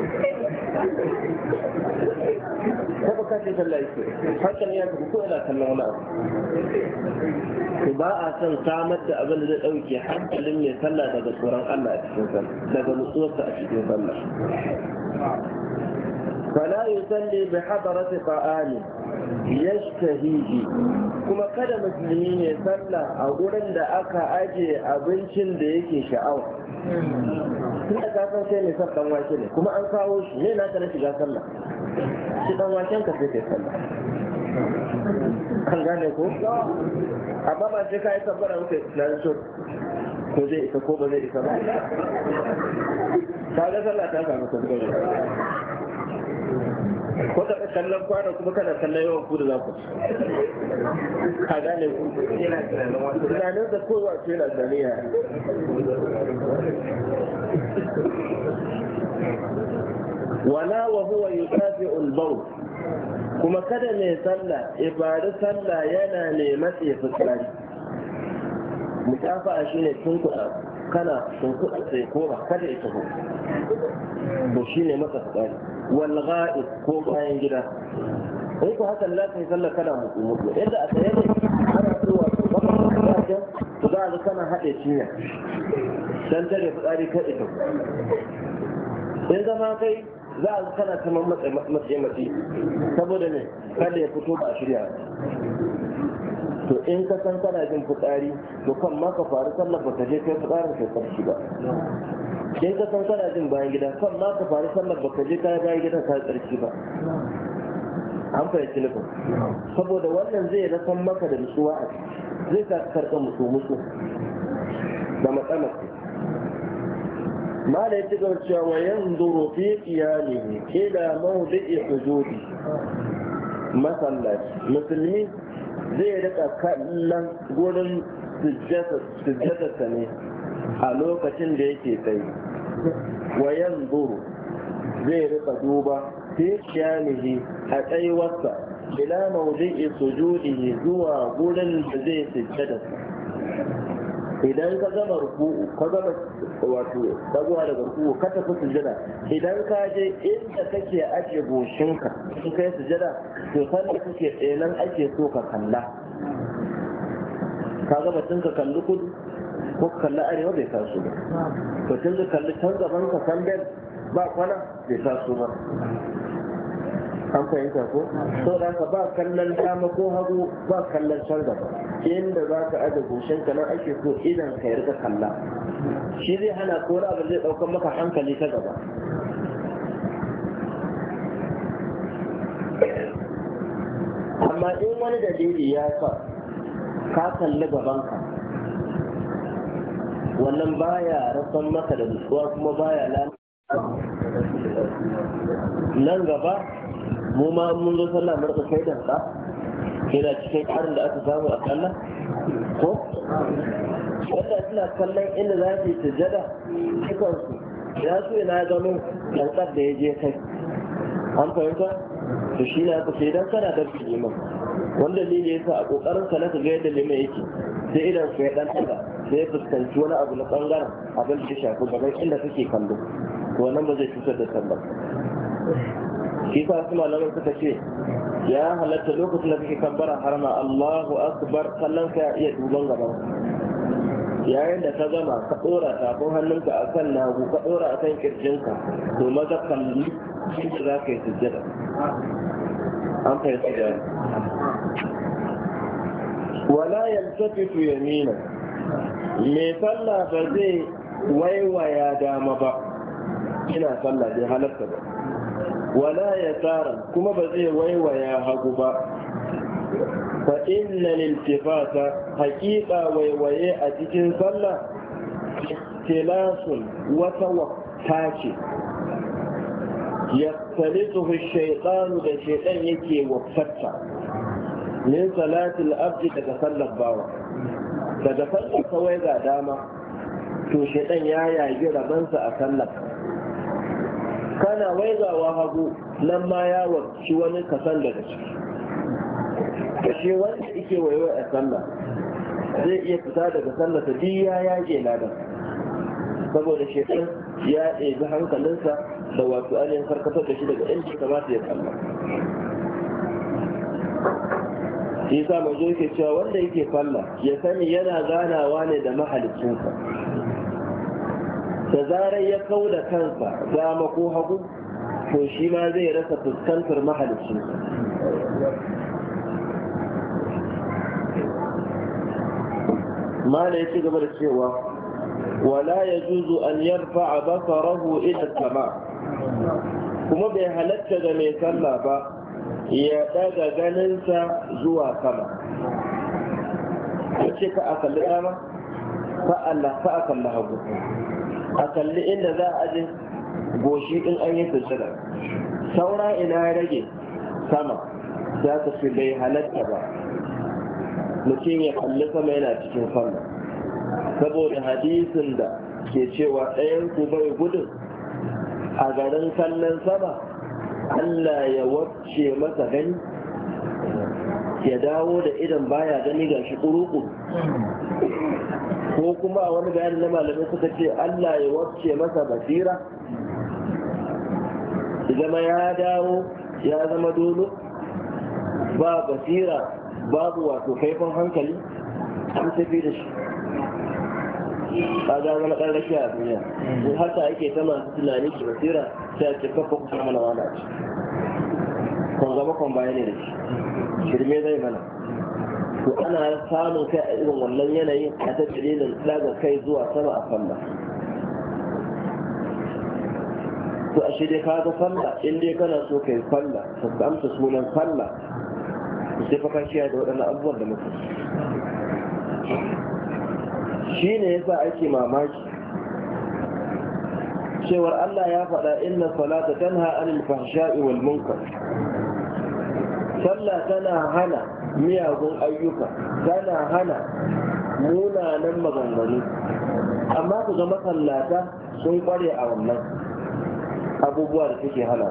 ko baka ce sallah yake hakan ya tafi ko ina kallon wani abu ba a son samar da abin da zai dauke hankalin mai sallah daga tsoron Allah a cikin sallah daga nutsuwarsa a cikin sallah فلا يصلي بحضرة hadarati يشتهيه كما kuma kada musulmi ne sallah a أجي da aka شعو abincin da yake sha'awa tun كما sai ne sa dan wake ne kuma an kawo gane ko amma ba sai ka yi sabbara muka islam ko zai isa ko ba zai isa ba ka sallah ta samu sabbara ko ka kallon kwana kuma kana kallon yawan ku da za ku ka gane ku tunanin da ko wato yana zaniya wala wa huwa yusafi'ul bawl kuma kada mai sallah ibadu sallah yana ne matse fuskari mutafa shine tunkuɗa kana shimfiɗa sai ko ba kada ya taho to shi ne masa tsari wal ga'id ko bayan gida sai ku hakan la kai sallar kana mutu mutu yadda a tsaye ne ana cewa to ba ka kana da to za ka kana haɗe cinya dan tare fitsari ka ita in zama kai za a kana ta matsayi matsayi saboda ne kada ya fito ba a shirya to in ka san kana jin fitsari to kan ma ka faru sallar baka je kai fitsarin kai tsarki ba in ka san kana jin bayan gida kan ma ka faru sallar baka je kai bayan gida ka tsarki ba an fahimci nufin saboda wannan zai na san maka da nutsuwa a zai ka karɓa musu musu da matsalar ما لا ci gaba cewa wa yanzuru fi qiyamihi ila mawdi'i hujudi masallaci musulmi zai rika kallon gurin sujjatarsa ne a lokacin da yake tsaye wayan zuru zai rika duba fi shanihi a tsayuwarsa ila maudu'i sujudihi zuwa gurin da zai sujjatarsa idan ka zama ruku'u ka gama wato ka zuwa daga ruku, ka tafi sujada idan ka je inda kake ajiye goshinka in kai sujada to da kuke tsaye nan ake so ka kalla ka ga batun ka kalli kudu ko ka kalli arewa bai taso ba tun ka kalli can gaban ka sandan ba kwana bai taso ba an fahimta ko sau da ka ba kallon dama ko hagu ba kallon can gaba inda za ka aje goshen ka nan ake so idan ka yarda kalla shi zai hana ko abin zai ɗaukar maka hankali ta gaba amma in wani dalili ya sa ka kalli gabanka wannan baya rasan maka da nutsuwa kuma baya lalata nan gaba mu ma mun zo sallah mu rika kai danka yana cikin karin da aka samu a kalla ko wanda suna kallon inda za su yi sujada cikin su ya su ina gano dankar da ya je kai an fahimta to shi na aka sai dan kana da liman wanda ne ya sa a kokarin sa na ga yadda liman yake sai idan sai dan tsaka sai ya fuskanci wani abu na bangaren abin da ya shafi gaban inda kake kallo to wannan ba zai cutar da sallar shi sa su malaman suka ce ya halatta lokacin da kake bara harma Allahu akbar sallan ka iya duban gaban yayin da ka gama ka dora tafin hannunka akan nagu ka dora akan kirjinka to maza kalli Wala za ka yi sujjada an wala yamina mai sallah ba zai waiwaya dama ba ina sallah bai halarta ba wala ya tsara kuma ba zai waiwaya hagu ba fa inna liltifata haƙiƙa waiwaye a cikin sallah tilasun wata wata ce yastalituhu shaytanu da shaytan yake wafatta min salatil abdi daga sallar bawa daga sallar kawai ga dama to shaytan ya yagi rabansa a sallar kana waigawa hagu nan ma ya wacci wani kasan daga ciki kashe wanda yake waiwai a sallar, zai iya fita daga sallar ta ya yage ladan saboda shekar ya ɗebi hankalinsa da wato ainihin karkatar da shi daga inda ta ya kalla shi yasa zo yake cewa wanda yake falla ya sani yana ganawa ne da mahalicinsa da zarar ya kau da kansa dama ko hagu to shi ma zai rasa fuskantar mahalicinsa mala ya ci gaba da cewa wala ya juzu an yarfa basarahu ila sama kuma bai halatta da mai sallah ba ya ganin ganinsa zuwa sama yace ka a kalli dama fa Allah fa a kalli hagu a kalli inda za a je goshi in an yi sujjada saura ina ya rage sama za ka fi bai halatta ba mutum ya kalli sama yana cikin sallah saboda hadisin da ke cewa ɗayan ku bai gudun a garin kallon sama Allah ya wacce masa gani ya dawo da idan baya gani ga shi kuruku ko kuma a wani bayani na malamai suka ce Allah ya wacce masa basira zama ya dawo ya zama dolo ba basira babu wato haifan hankali an tafi da shi ka ga zama ɗan rashi a duniya hmm. in haka ake ta masu tunani ki basira sai a ce kafa kusa mana wani ci kon gaba kon baya ne da shi shirme zai mana to ana samun kai a irin wannan yanayin a ta dalilin ɗaga kai zuwa sama a falla to a shi dai ka ga falla in dai kana so kai falla ka amsa sunan falla sai fa ka kiyaye da waɗannan abubuwan da muka shi ne yasa ake mamaki cewar Allah ya faɗa inna salata tanha anil fahsha'i wal munkar sallah tana hana miyagun ayyuka tana hana munanan maganganu amma ku ga masallata sun kware a wannan abubuwa da suke hana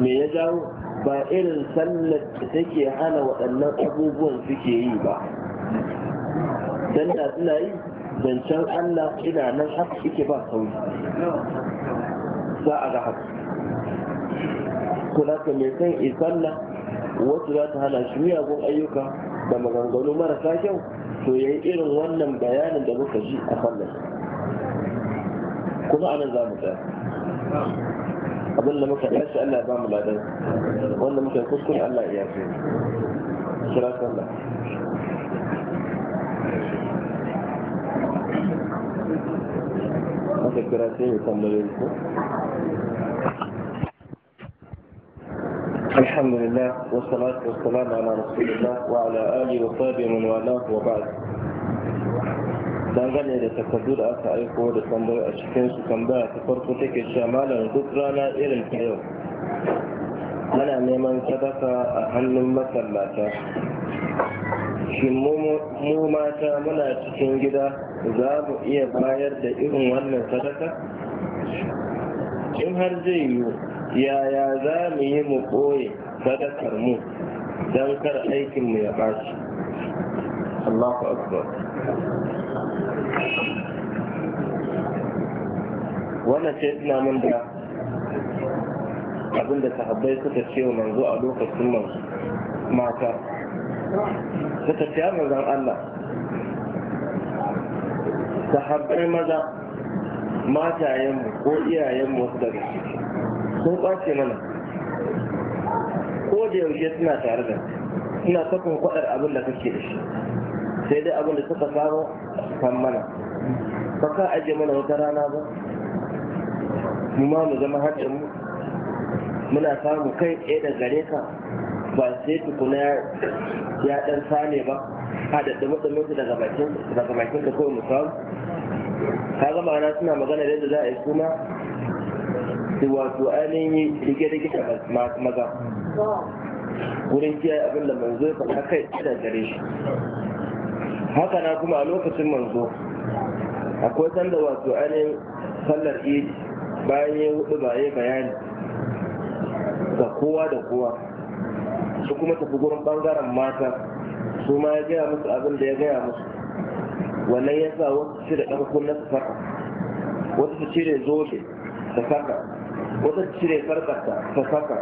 me ya jawo ba irin sallar da take hana waɗannan abubuwan suke yi ba dan suna yi zancen Allah ina nan haka yake ba sauri za a ga haka kula ka mai san isalla wasu za ta hana shi miyagun ayyuka da maganganu marasa kyau to yayi irin wannan bayanin da muka ji a sallar kuma anan za mu tsaya abin da muka tashi Allah ya ba mu ladan wanda muka kuskure Allah ya yafe kira sallah muka kira sai mu tambaye ku الحمد لله والصلاة والسلام على رسول الله وعلى آله وصحبه من والاه وبعد dangane da takardu da aka aiko da tambaya a cikin su tambaya ta farko take cewa malam duk rana irin ta yau ana neman sadaka a hannun masallata shi mu mata muna cikin gida za mu iya bayar da irin wannan sadaka in har zai yiwu yaya za mu yi mu ɓoye sadakar mu don kar aikinmu ya ɓaci Allahu akbar wannan ce ina mun da abin da sahabbai suka ce wa manzo a lokacin manzo mata suka ce manzon Allah sahabbai maza matayenmu ko iyayenmu wasu daga sun kwace mana ko da yaushe suna tare da suna sakon kwaɗar abin da kake da shi sai dai abin da suka samu kan mana ba ka ajiye mana wata rana ba mu ma mu zama mu muna samu kai ɗaya da gare ka ba sai tukuna ya ɗan sane ba haɗa ɗumi-ɗuminsu daga bakin da kawai musamman ka ga ma'ana suna magana yadda za a yi suna su wato ainihin rike-rike da masu maza wurin kiyaye abin da manzo ya faɗa kai da gare shi haka na kuma a lokacin manzo akwai sanda wato ainihin sallar id bayan ya hudu ba ya bayani ga kowa da kowa su kuma tafi gurin bangaren mata su ma ya gaya musu abin da ya gaya musu wannan ya sa wasu su da ɗan kunna saka wasu su cire zobe su saka wasu su cire sarƙarta su saka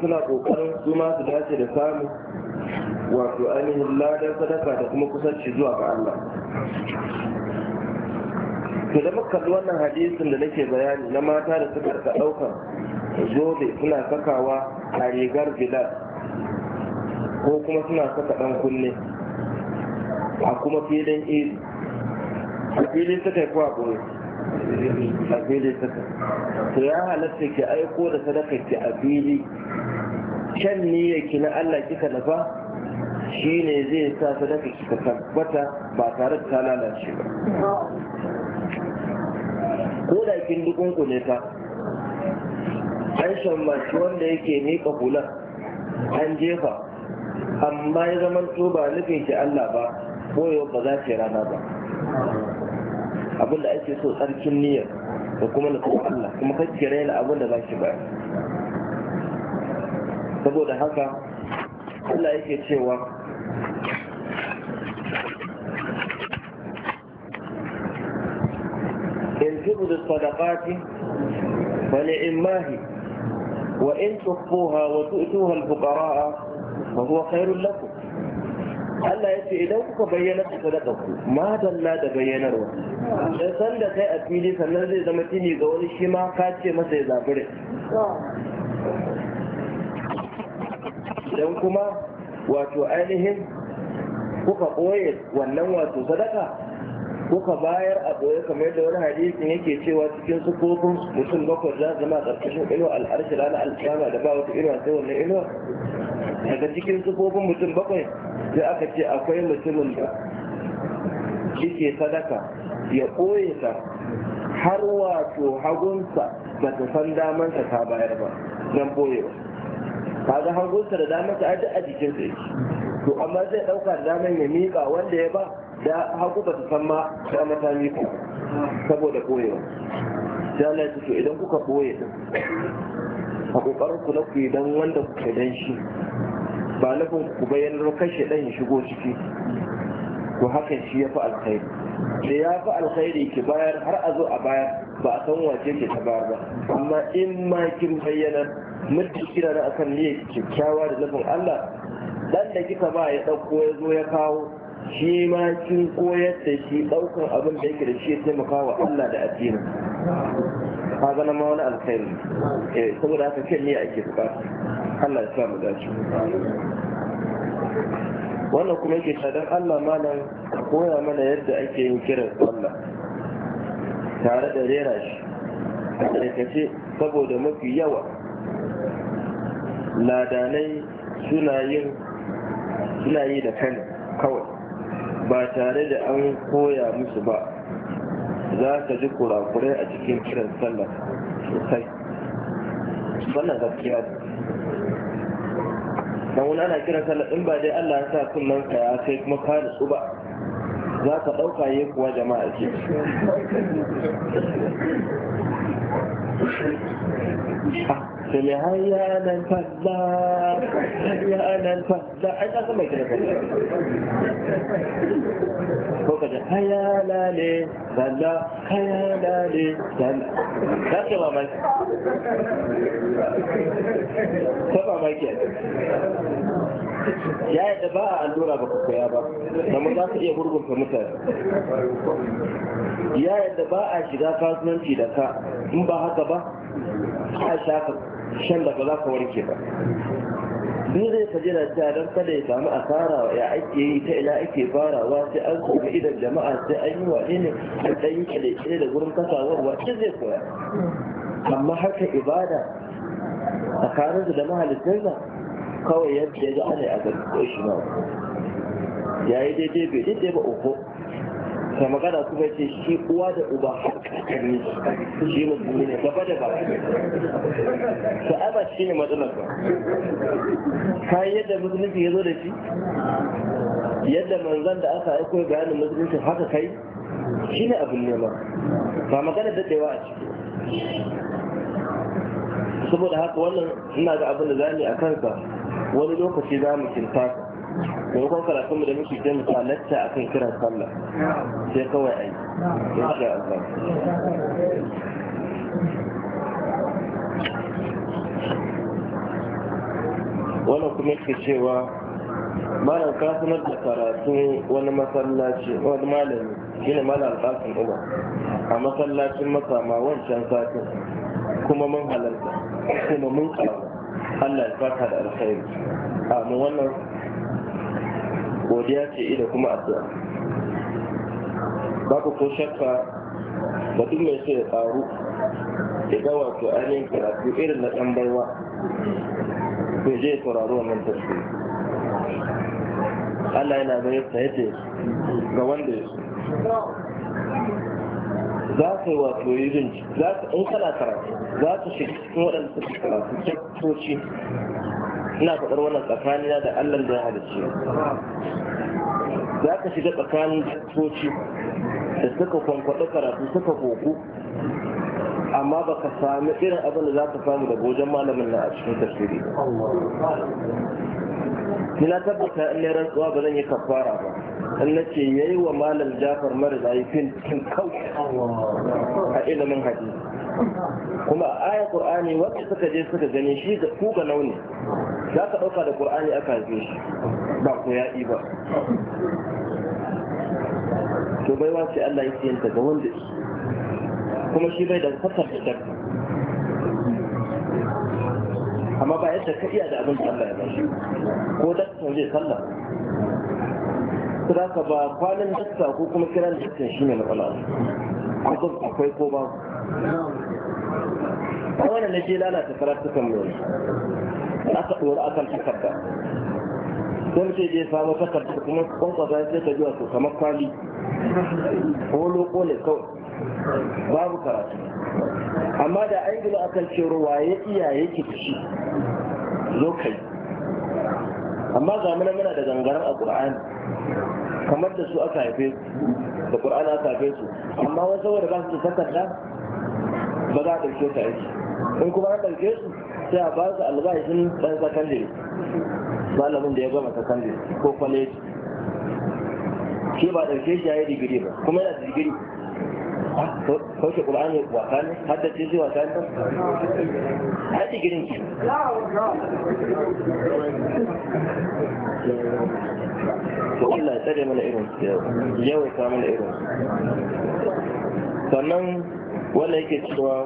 suna ƙoƙarin su ma su dace da samu wato ainihin ladan sadaka da kuma kusanci zuwa ga Allah to da muka kalli wannan hadisin da nake bayani na mata da suka ɗaukar zobe suna sakawa a rigar bilal ko kuma suna saka ɗan kunne a kuma filin iri a filin suka yi kuwa ɓoye a filin suka to ya halatta ki aiko da sadaka ki a fili can niyyar ki na Allah kika nafa shi ne zai sa sadaka ki tabbata ba tare da ta lalace ba ko da kin dukunku ne ta an shammaci wanda yake ne hula an jefa amma ya zama to ba nufin shi Allah ba yau ba za ta rana ba abin da ake so tsarkin niyyar da kuma na Allah kuma kake raina abin da za ki ba saboda haka Allah yake cewa in tubdu sadaqati وإن تخفوها wa in فهو خير لكم Allah ya ce idan kuka bayyana da ku, ma dalla da bayyanarwa da san da kai a fili sannan zai zama tini ga wani shi ma ka ce masa ya zabure idan kuma wato ainihin kuka ɓoye wannan wato sadaka kuka bayar a ɓoye kamar da wani hadisin yake cewa cikin kofin mutum bakwai za zama ƙarƙashin inuwa al'arshi ranar al'ama da ba wata inuwa sai wannan inuwa daga cikin sufofin mutum bakwai sai aka ce akwai mutumin da yake sadaka ya ɓoye ta har wato hagunsa ba ta san damansa ta bayar ba nan ɓoyewa kaga hagunsa da damansa a duk a jikinsa yake to amma zai ɗauka daman ya miƙa wanda ya ba da hagu ba ta san ma ta mata miƙa saboda ɓoyewa sai Allah ya idan kuka ɓoye a kokarin ku na ku dan wanda kuke dan shi ba nufin ku bayyanar kashe dan ya shigo ciki ku hakan shi ya fi alkhairi da ya fi alkhairi ki bayar har a zo a bayar ba a san wace ke ta bayar ba amma in ma kin bayyana mutum kira da akan niyyar kyakkyawa da nufin Allah dan da kika ba ya dauko ya zo ya kawo shi ma kin koyar da shi daukan abin da yake da shi ya taimaka wa Allah da addinin ka ga ma wani alkhairi eh saboda haka ce ni ake bukata Allah ya sa dace wannan kuma yake ta dan Allah malam koya mana yadda ake yin kiran Allah tare da rera shi a saboda mafi yawa ladanai suna yin suna yi da kan kawai ba tare da an koya musu ba za ka ji kurakurai a cikin kiran sallar sosai wannan gaskiya ne dan wani ana kiran sallar in ba dai Allah ya sa kullun ka ya kai kuma ka da ba za ka ɗauka yi kuwa jama'a ce ah, sai mai hayya nan fadda hayya nan fadda ai ta sama kiran sallar وكذا خيالالي سلا خيالالي سلا لا تبا مايك تبا مايك ya yadda ba a allura ba ku koya ba kamar za ka iya gurgunta mutane ya yadda ba a shiga kasuwanci da ka in ba haka ba a sha shan da ba za ka warke ba duk zai ka jira ta don kada ya samu asara ya ake yi ta ina ake farawa sai an koyi idan jama'a sai an yi wa ne a ɗan kile-kile da gurin kasawar wace zai koya amma haka ibada tsakaninsu da mahalittinsa kawai yadda ya ga ana a gari ko shi ma ya yi daidai bai daidai ba uku sai magana su ce shi uwa da uba kakanni shi musulmi ne gaba da ba to ai shi ne matsalar ba kai yadda musulunci ya zo da shi yadda manzan da aka aiko bayanin musulunci haka kai shi ne abin nema ba magana daɗewa a ciki saboda haka wannan ina ga abin da za a kansa wani lokaci za mu kinta maimakon karatunmu da muke jan a akan kiran sallah sai kawai a yi insha Allah wannan kuma yake cewa malam ka sanar da karatu wani masallaci wani malami shine malam alƙasin uba a masallacin masama wancan satin kuma mun halarta kuma mun kawo Allah ya fata da alkhairi amma wannan godiya ce da kuma addu'a babu ko shakka ba duk mai so ya tsaru ya ga wato ainihin karatu irin na ɗan baiwa ko je ya saurari wannan tafi Allah yana ga da yadda ga wanda ya za ka yi wato yi binci za ka in kana karatu za ka shiga cikin waɗanda suke karatu kyakkoci ina faɗar wannan tsakanina da Allah da ya halicce za ka shiga tsakanin coci da suka kwankwaɗi karatu suka koku amma ba ka sami irin abin da za ka samu daga wajen malamin na a cikin tafsiri ni na tabbata in ne rantsuwa ba zan yi kafara ba in na ce yayi wa malam jafar mara zayi fin kin kau a ilimin hadisi kuma aya qur'ani wanda suka je suka gani shi da ku ga launi za ka dauka da qur'ani aka haife shi ba ko ya ba to bai wace Allah yake yin ta ga wanda kuma shi bai da fatar da amma ba yadda ka iya da abin da Allah ya bashi ko da ka je sallah kira ka ba kwanan dakta ko kuma kiran dakta na matsala akwai ko ba a wannan na ke lalata karatukan mai aka a akan takarda sai ce je samu takarda kuma kwankwasa sai ta biya su kamar kwali ko loko ne kawai babu karatu amma da an gina akan kan ruwa waye iya yake fushi zo kai amma ga muna muna da gangaren a ƙur'ani kamar da su aka haife su da ƙur'ani aka haife su amma wasu saboda ba su takarda ba za a ɗauke su aiki in kuma an ɗauke su sai a ba su albashin ɗan sakandare malamin da ya gama sakandare ko kwaleji shi ba ɗauke shi ya yi digiri ba kuma yana digiri kauce ƙul'ani wasa ne hadda ce zai wasa ne a yi digirin ki to Allah ya tsare mana irin su yawaita mana irin sannan wanda yake cewa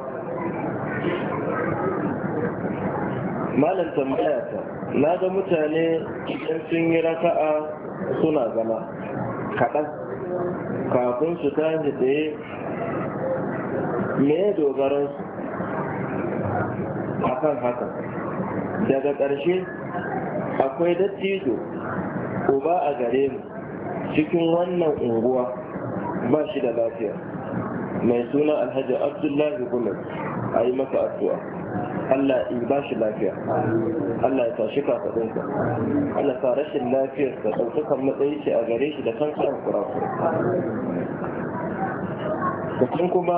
malam tambaya ta na ga mutane idan sun yi raka'a suna zama kaɗan kafin su tashi tsaye me dogaran su a kan haka daga ƙarshe akwai dattijo ko ba a gare mu cikin wannan unguwa ba shi da lafiya mai suna alhaji abdullahi gumar a yi maka addu'a Allah ya ba shi lafiya Allah ya tashi kafaɗinsa Allah sa rashin lafiyarsa ɗaukakan matsayi ce a gare shi da kan kan kurakura mutum kuma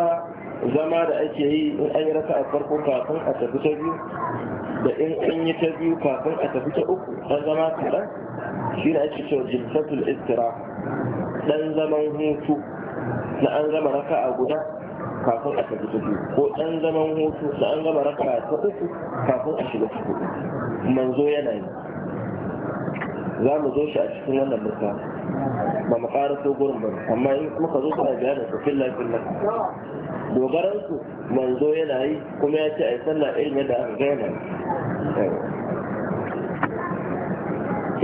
zama da ake yi in an yi raka a farko kafin a tafi ta biyu da in an yi ta biyu kafin a tafi ta uku ɗan zama kaɗan shi ne ake cewa jilsatul istira ɗan zaman hutu na an gama raka a guda kafin a tafi tafi ko ɗan zaman hutu na an gama raka a ta uku kafin a shiga tafi manzo yana yi za mu zo shi a cikin wannan misali ba mu ƙara so gurin ba amma in ka zo suna bayanin su filla filla dogaran su manzo yana yi kuma ya ce a yi sallah ilmi da aka gaya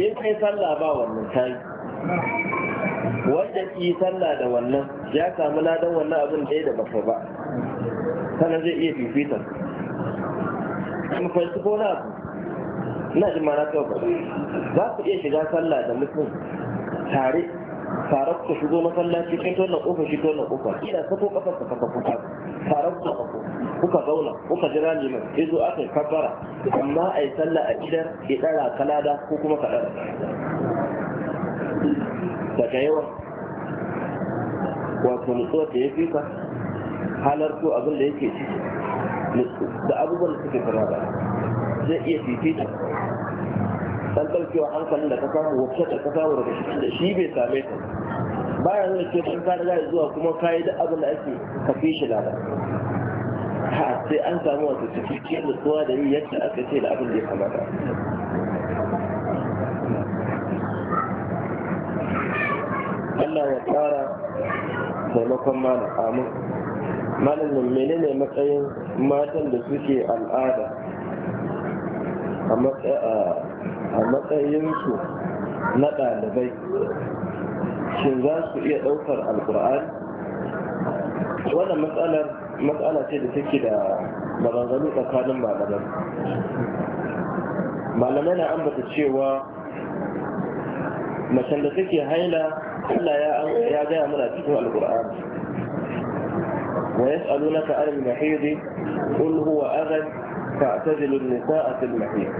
in kai sallah ba wannan tayi wanda ki sallah da wannan ya samu ladan wannan abin da ya da baka ba sannan zai iya fifita kuma ko na ina jin ma na kawo za ku iya shiga sallah da mutum tare tare ku shigo masallaci kai to na kofa shi to na kofa ina sako kafar ka kafa kuka tare ku kafo kuka zauna kuka jira mai yazo aka yi kabbara amma ai sallah a gidan ya dara kalada ko kuma ka daga yawan wato nutsuwa da ya fi ka halarto abin da yake ciki da abubuwan da suke kama da zai iya fifita dan ɗaukewa hankalin da ka samu wacce da ka samu daga shi da shi bai same ka ya nuna ce kan ka riga zuwa kuma ka yi da abin da ake kafi shi lada ha sai an samu wata cikakken nutsuwa da yi yadda aka ce da abin da ya kamata Allah ya tsara taimakon malam amin malam menene matsayin matan da suke al'ada a matsayinsu na ɗalibai shin za su iya ɗaukar alkur'an wannan matsalar matsala ce da take da maganganu tsakanin malamai malamai na ambata cewa macen da take haila Allah ya gaya mana cikin alkur'ani wa yas'alunaka an mahid qul huwa adhan fa'tazilu an-nisaa mahid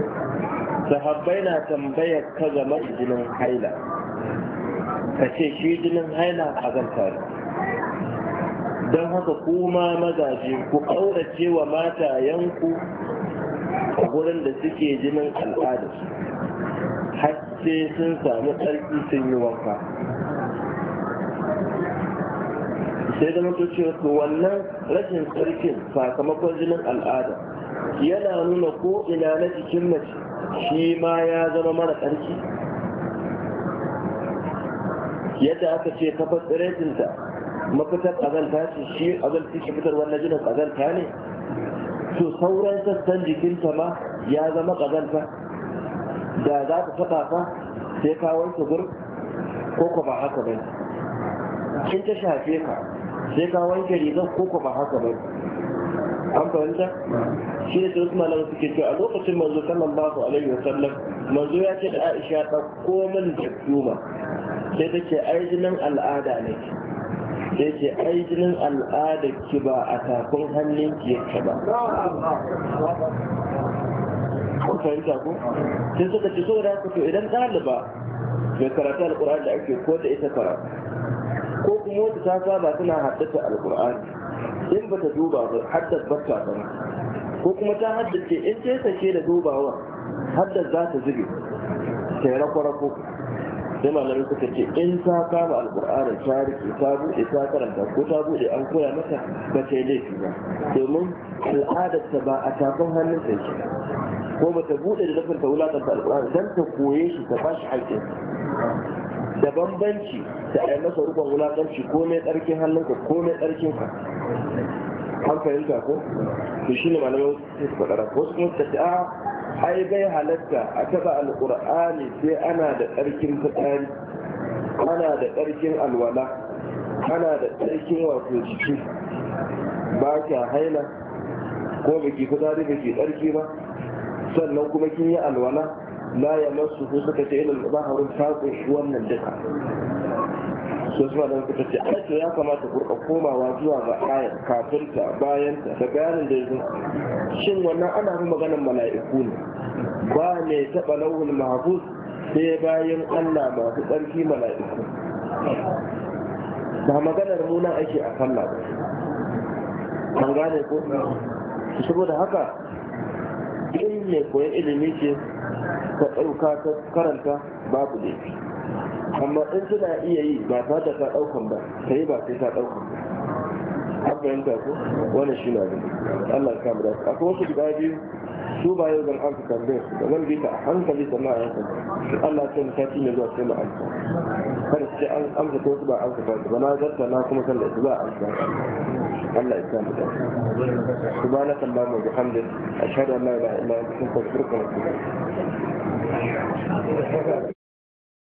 sahabbai na tambayar ka game da jinin haila ka ce shi jinin haila azanta ne don haka kuma magaji ku ƙaurace wa matayenku a gurin da suke jinin al'adarsu har sai sun samu tsarki sun yi wanka sai zama to cewa to wannan rashin tsarkin sakamakon jinin al'ada yana nuna ko ina na jikin mace shi ma ya zama mara tsarki yadda aka ce kafar tsiretinta mafitar azalta ce shi azalta ke fitar wannan jinin azalta ne to sauran sassan jikinta ma ya zama azalta da za ta taɓa fa sai kawon wanke gur ko kuma ba haka bai? in ta shafe ka sai ka wanke rigar ko ko ba haka ba an fahimta shi da wasu malamu suke cewa a lokacin manzo sallallahu alaihi wasallam manzo ya ce da Aisha ɗauko min da tuma sai ta ce ai jinin al'ada ne sai ce ai jinin al'ada ki ba a tafin hannun ki yake ba kun fahimta ko sai suka ce so da haka to idan ɗaliba mai karatu alƙur'ani da ake ko da ita karatu ko kuma wata ta saba tana haddata alkur'ani in ba ta duba ba haddar ba ta sana ko kuma ta haddace in ce ta ke da dubawa haddar za ta zube ta rako-rako sai malamai suka ce in ta kama alkur'ani ta rike ta bude ta karanta ko ta bude an koya mata ba ta yi laifi ba domin al'adarta ba a tafin hannun ta ce ko ba ta buɗe da dafin ta wulaƙanta alkur'ani don ta koye shi ta ba shi da bambanci da a masa rukun wulakanci ko mai tsarkin hannunka ko mai tsarkin ka an fahimta ko to shi ne sai su faɗara ko su kuma tafi a ai bai halatta a taɓa alƙur'ani sai ana da tsarkin fitsari ana da tsarkin alwala ana da tsarkin wato jiki ba kya haila ko baki fitsari baki tsarki ba sannan kuma kin yi alwala la ya masu ko suka ce ilal baharun ta kunshi wannan duka so suna da suka ce ai ya kamata kurka komawa zuwa ga ayar kafinta bayanta da bayanin da yanzu shin wannan ana fi maganar mala'iku ne ba ne taɓa lauhul mahfuz sai bayan Allah masu tsarki mala'iku ba maganar muna ake a sallah ba an gane ko saboda haka duk mai koyan ilimi ce ka ɗauka ta karanta babu laifi amma in tana iya yi ba ta da ta ɗaukan ba ta yi ba sai ta ɗaukan ba an fahimta ko wannan shi na gani Allah ya kama da su akwai wasu guda biyu su ba yau zan an fi tambayar su zan bi ta a hankali sannan a yankan Allah ya kama sati ne zuwa sai mu amsa kada su ce an amsa ko su ba amsa ba na zarta na kuma kan da su ba amsa الله يسلم سبحانك اللهم وبحمدك أشهد أن لا إله إلا أنت أستغفرك وأتوب إليك